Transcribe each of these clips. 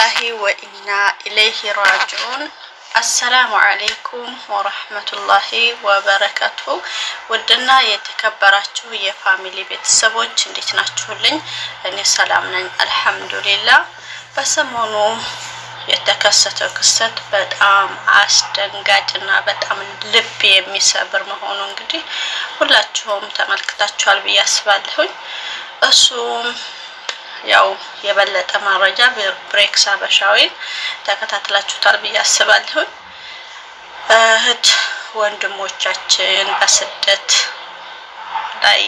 ሊላሂ ወኢና ኢለይሂ ራጅዑን። አሰላሙ አለይኩም ወረህመቱላሂ ወበረከቱ። ውድና የተከበራችሁ የፋሚሊ ቤተሰቦች እንዴት ናችሁልኝ? እኔ ሰላም ነኝ አልሐምዱሊላ። በሰሞኑ የተከሰተው ክስተት በጣም አስደንጋጭና በጣም ልብ የሚሰብር መሆኑ እንግዲህ ሁላችሁም ተመልክታችኋል ብዬ አስባለሁኝ። እሱም ያው የበለጠ መረጃ ብሬክስ አበሻዊን ተከታትላችሁታል ብዬ አስባለሁ። እህት ወንድሞቻችን በስደት ላይ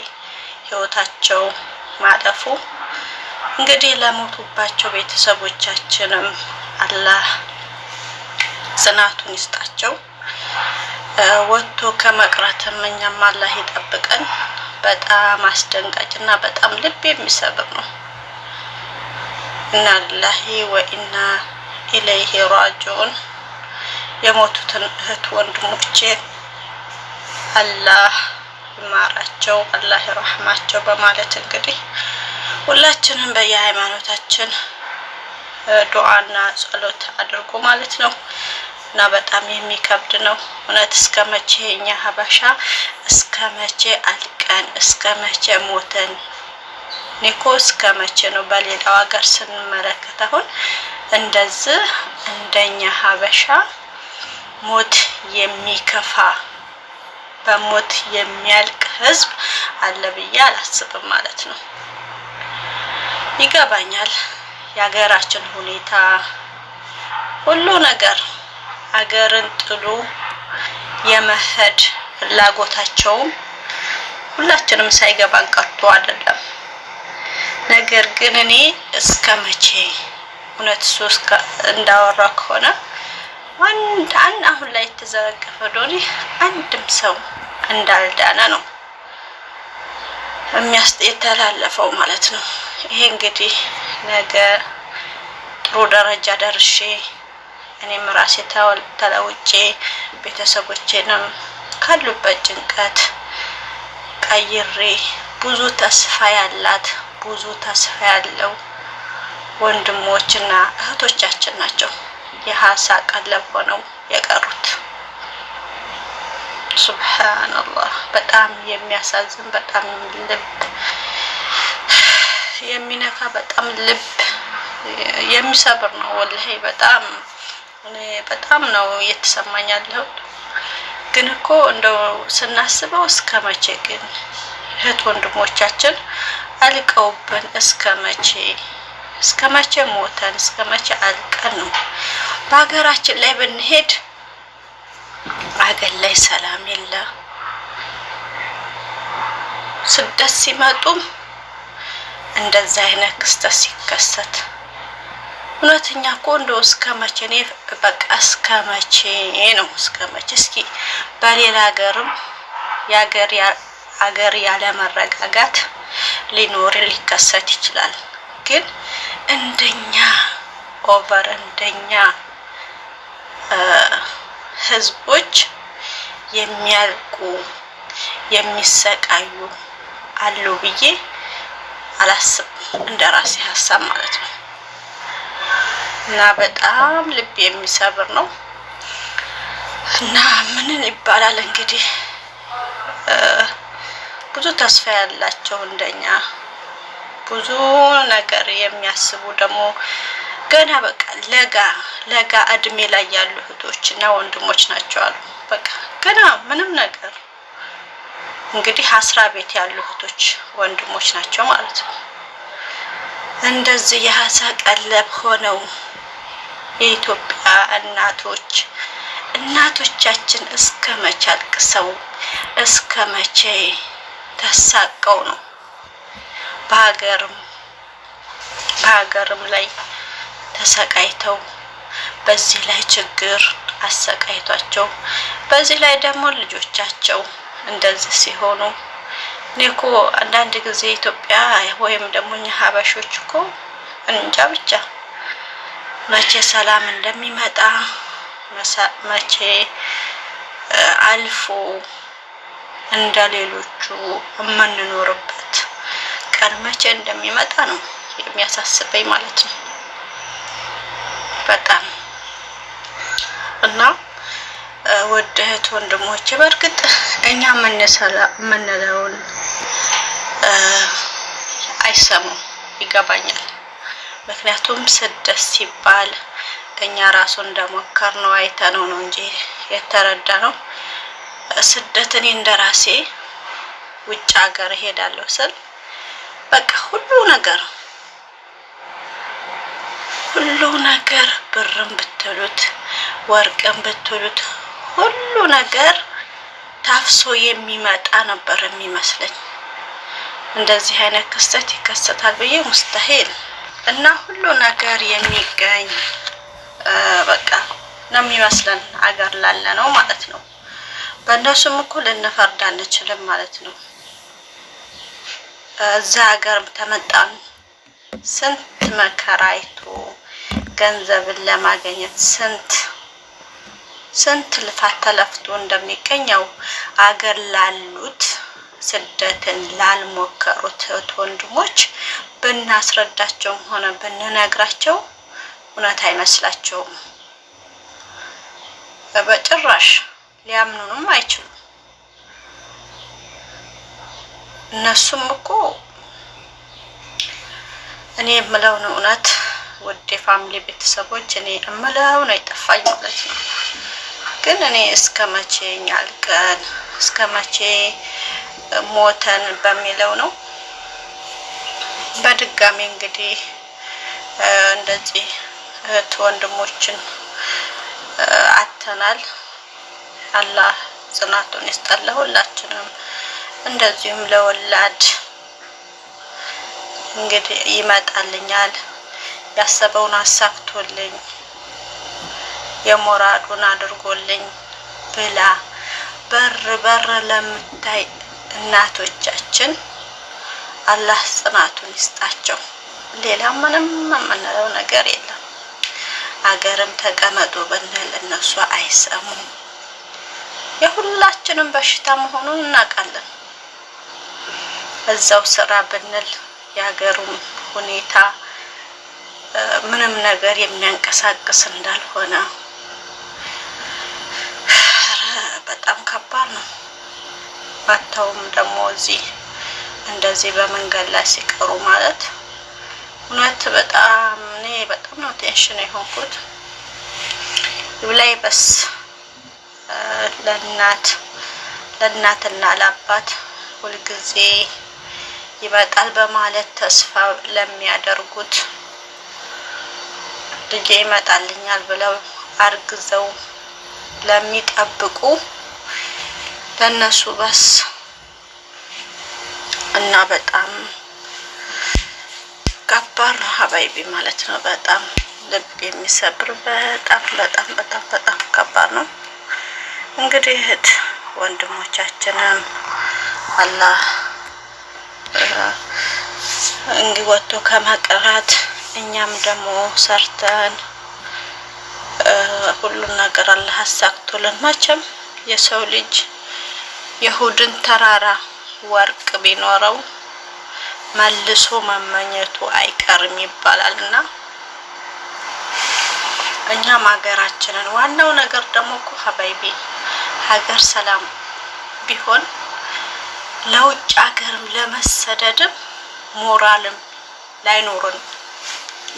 ህይወታቸው ማለፉ እንግዲህ ለሞቱባቸው ቤተሰቦቻችንም አላህ ጽናቱን ይስጣቸው። ወጥቶ ከመቅረትም እኛም አላህ ይጠብቀን። በጣም አስደንጋጭ እና በጣም ልብ የሚሰብር ነው። ኢና ሊላሂ ወኢና ኢለይሂ ራጅዑን። የሞቱትን እህት ወንድሞቼ አላህ ይማራቸው፣ አላህ ይረህማቸው በማለት እንግዲህ ሁላችንም በየሃይማኖታችን ዱዓና ጸሎት አድርጉ ማለት ነው። እና በጣም የሚከብድ ነው እውነት። እስከ መቼ እኛ ሀበሻ እስከ መቼ አልቀን እስከ መቼ ሞተን እኔኮ እስከ መቼ ነው በሌላው ሀገር ስንመለከት አሁን እንደዚህ እንደኛ ሀበሻ ሞት የሚከፋ በሞት የሚያልቅ ህዝብ አለ ብዬ አላስብም ማለት ነው። ይገባኛል የሀገራችን ሁኔታ ሁሉ ነገር አገርን ጥሎ የመሄድ ፍላጎታቸውም ሁላችንም ሳይገባን ቀርቶ አይደለም። ነገር ግን እኔ እስከ መቼ እውነት እሱ እንዳወራ ከሆነ አንድ አሁን ላይ የተዘረገፈ ዶኒ አንድም ሰው እንዳልዳነ ነው የሚያስጥ የተላለፈው ማለት ነው። ይሄ እንግዲህ ነገ ጥሩ ደረጃ ደርሼ እኔም ራሴ ተለውጬ ቤተሰቦቼንም ካሉበት ጭንቀት ቀይሬ ብዙ ተስፋ ያላት ብዙ ተስፋ ያለው ወንድሞችና እህቶቻችን ናቸው የሀሳ ቀለብ ሆነው የቀሩት። ሱብሃነላህ በጣም የሚያሳዝን በጣም ልብ የሚነካ በጣም ልብ የሚሰብር ነው። ወላሂ በጣም በጣም ነው እየተሰማኝ ያለው። ግን እኮ እንደው ስናስበው እስከ መቼ ግን እህት ወንድሞቻችን አልቀውብን እስከ መቼ እስከ መቼ ሞተን እስከ መቼ አልቀን ነው። በሀገራችን ላይ ብንሄድ አገር ላይ ሰላም የለ። ስደት ሲመጡም እንደዛ አይነት ክስተት ሲከሰት እውነተኛ እኮ እንደው እስከ መቼ እኔ በቃ እስከ መቼ ነው እስከ መቼ? እስኪ በሌላ ሀገርም የሀገር ያለመረጋጋት ሊኖር ሊከሰት ይችላል። ግን እንደኛ ኦቨር እንደኛ ህዝቦች የሚያልቁ የሚሰቃዩ አሉ ብዬ አላስብም። እንደ ራሴ ሀሳብ ማለት ነው እና በጣም ልብ የሚሰብር ነው እና ምንን ይባላል እንግዲህ ብዙ ተስፋ ያላቸው እንደኛ ብዙ ነገር የሚያስቡ ደግሞ ገና በቃ ለጋ ለጋ እድሜ ላይ ያሉ እህቶች እና ወንድሞች ናቸው አሉ። በቃ ገና ምንም ነገር እንግዲህ አስራ ቤት ያሉ እህቶች ወንድሞች ናቸው ማለት ነው። እንደዚህ የሀሳ ቀለብ ሆነው የኢትዮጵያ እናቶች እናቶቻችን እስከ መቼ አልቅሰው እስከ መቼ ተሳቀው ነው በሀገርም በሀገርም ላይ ተሰቃይተው በዚህ ላይ ችግር አሰቃይቷቸው በዚህ ላይ ደግሞ ልጆቻቸው እንደዚህ ሲሆኑ እኔ እኮ አንዳንድ ጊዜ ኢትዮጵያ ወይም ደግሞ እኛ ሀበሾች እኮ እንጃ ብቻ መቼ ሰላም እንደሚመጣ መቼ አልፎ እንደሌሎቹ የምንኖርበት ቀን መቼ እንደሚመጣ ነው የሚያሳስበኝ ማለት ነው። በጣም እና ውድ እህት ወንድሞቼ፣ በእርግጥ እኛ የምንለውን አይሰሙም፣ ይገባኛል። ምክንያቱም ስደት ሲባል እኛ ራሱ እንደሞከር ነው አይተነው ነው እንጂ የተረዳ ነው ስደት እኔ እንደ ራሴ ውጭ ሀገር እሄዳለሁ ስል በቃ ሁሉ ነገር ሁሉ ነገር ብርም ብትሉት ወርቅም ብትሉት ሁሉ ነገር ታፍሶ የሚመጣ ነበር የሚመስለኝ። እንደዚህ አይነት ክስተት ይከሰታል ብዬ ሙስተሂል እና ሁሉ ነገር የሚገኝ በቃ ነው የሚመስለን አገር ላለ ነው ማለት ነው። በእነሱም እኮ ልንፈርድ አንችልም ማለት ነው። እዛ ሀገር ተመጣን ስንት መከራ አይቶ ገንዘብን ለማገኘት ስንት ስንት ልፋት ተለፍቶ እንደሚገኘው አገር ላሉት ስደትን ላልሞከሩት እህት ወንድሞች ብናስረዳቸውም ሆነ ብንነግራቸው እውነት አይመስላቸውም በጭራሽ። ሊያምኑንም አይችሉም። እነሱም እኮ እኔ የምለውን እውነት ውድ የፋሚሊ ቤተሰቦች እኔ ነው ይጠፋኝ ማለት ነው። ግን እኔ እስከ መቼ ኛልቀን እስከ መቼ ሞተን በሚለው ነው። በድጋሚ እንግዲህ እንደዚህ እህት ወንድሞችን አተናል። አላህ ጽናቱን ይስጣል ለሁላችንም። እንደዚሁም ለወላድ እንግዲህ ይመጣልኛል ያሰበውን አሳክቶልኝ የሞራዱን አድርጎልኝ ብላ በር በር ለምታይ እናቶቻችን አላህ ጽናቱን ይስጣቸው። ሌላ ምንም የምንለው ነገር የለም። አገርም ተቀመጡ ብንል እነሱ አይሰሙም። የሁላችንም በሽታ መሆኑን እናውቃለን። እዛው ስራ ብንል የሀገሩም ሁኔታ ምንም ነገር የሚያንቀሳቅስ እንዳልሆነ በጣም ከባድ ነው። ባታውም ደግሞ እዚህ እንደዚህ በመንገድ ላይ ሲቀሩ ማለት እውነት በጣም እኔ በጣም ነው ቴንሽን የሆንኩት ይብላይ በስ ለእናት ለእናትና ለአባት ሁልጊዜ ይመጣል በማለት ተስፋ ለሚያደርጉት ልጄ ይመጣልኛል ብለው አርግዘው ለሚጠብቁ ለእነሱ በስ እና በጣም ከባድ ነው ሀባይቢ ማለት ነው። በጣም ልብ የሚሰብር በጣም በጣም በጣም በጣም ከባድ ነው። እንግዲህ እህት ወንድሞቻችንን አላህ እንዲወጡ ከመቅረት እኛም ደግሞ ሰርተን ሁሉን ነገር አላህ አሳክቶልን መቼም የሰው ልጅ የሁድን ተራራ ወርቅ ቢኖረው መልሶ መመኘቱ አይቀርም ይባላል እና እኛም ሀገራችንን ዋናው ነገር ደግሞ እኮ ሀበይቤ ሀገር ሰላም ቢሆን ለውጭ ሀገርም ለመሰደድም ሞራልም ላይኖርን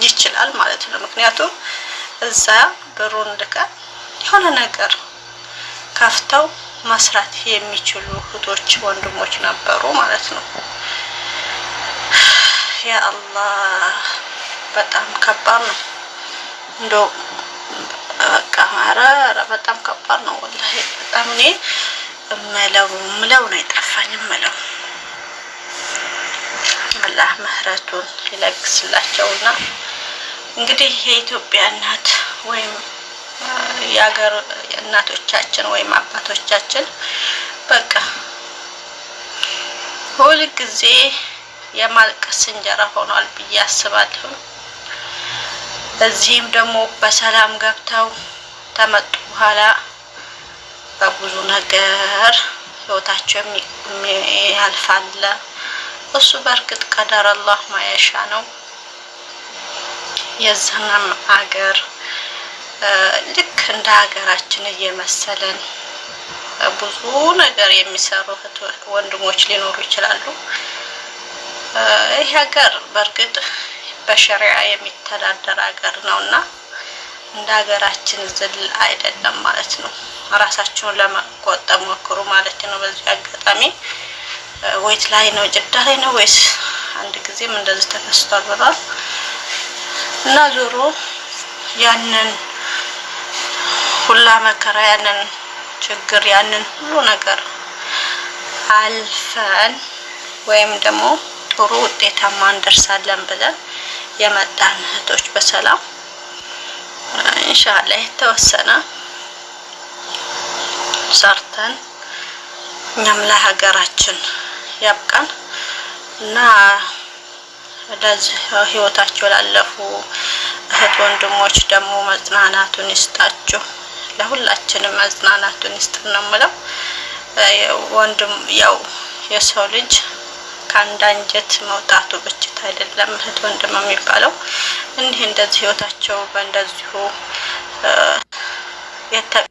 ይችላል ማለት ነው። ምክንያቱም እዛ ብሩን ልከን የሆነ ነገር ከፍተው መስራት የሚችሉ እህቶች ወንድሞች ነበሩ ማለት ነው። ያ አላህ በጣም ከባድ ነው እንዶ ኧረ ኧረ በጣም ከባድ ነው ወላሂ። በጣም እኔ እምለው እምለው ነው የጠፋኝ እምለው አላህ ምህረቱን ይለግስላቸውና እንግዲህ የኢትዮጵያ እናት ወይም የሀገር እናቶቻችን ወይም አባቶቻችን በቃ ሁል ጊዜ የማልቀስ እንጀራ ሆኗል ብዬ አስባለሁ። እዚህም ደግሞ በሰላም ገብተው ከመጡ በኋላ በብዙ ነገር ህይወታቸው ያልፋለ እሱ በእርግጥ ቀደር አላህ ማያሻ ነው። የዚህንም አገር ልክ እንደ ሀገራችን እየመሰለን ብዙ ነገር የሚሰሩ ወንድሞች ሊኖሩ ይችላሉ። ይህ ሀገር በእርግጥ በሸሪዓ የሚተዳደር ሀገር ነውና እንደ ሀገራችን ዝል አይደለም ማለት ነው። ራሳቸውን ለመቆጠብ ሞክሩ ማለት ነው። በዚህ አጋጣሚ ወይት ላይ ነው ጭዳ ላይ ነው ወይስ አንድ ጊዜም እንደዚህ ተከስቷል ብሏል እና ዞሮ ያንን ሁላ መከራ ያንን ችግር ያንን ሁሉ ነገር አልፈን ወይም ደግሞ ጥሩ ውጤታማ እንደርሳለን ብለን የመጣን እህቶች በሰላም እንሻላ የተወሰነ ሰርተን እኛም ለሀገራችን ያብቃን እና ለዚህ ህይወታቸው ላለፉ እህት ወንድሞች ደግሞ መጽናናቱን ይስጣችሁ። ለሁላችንም መጽናናቱን ይስጥ ነው የምለው። ወንድም ያው የሰው ልጅ ከአንድ አንጀት መውጣቱ ብችት አይደለም እህት ወንድም የሚባለው። እኒህ እንደዚህ ህይወታቸው በእንደዚሁ የተ